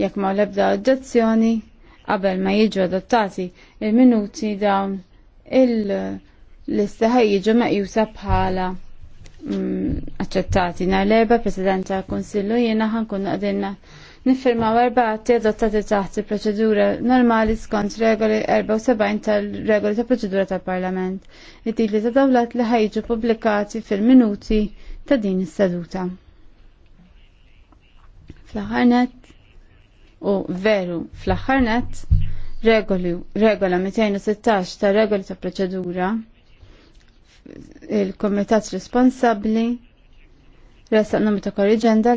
Jekk ma lebda oġġezzjoni qabel ma jiġu adottati il-minuti dawn il-lista jiġu meqjusa bħala mm, aċċettati. na l-erba konsillu tal ħan jiena għadinna nifirma niffirmaw erbati adottati taħt il-proċedura normali skont regoli 74 tal-regoli ta' proċedura tal-Parlament. id li ta' dawlat li ħajġu publikati fil-minuti ta' din is-seduta. Fl-aħħar u veru fl-aħħar net regola 216 ta' regoli ta' proċedura il-komitat responsabli resta numru ta' korriġenda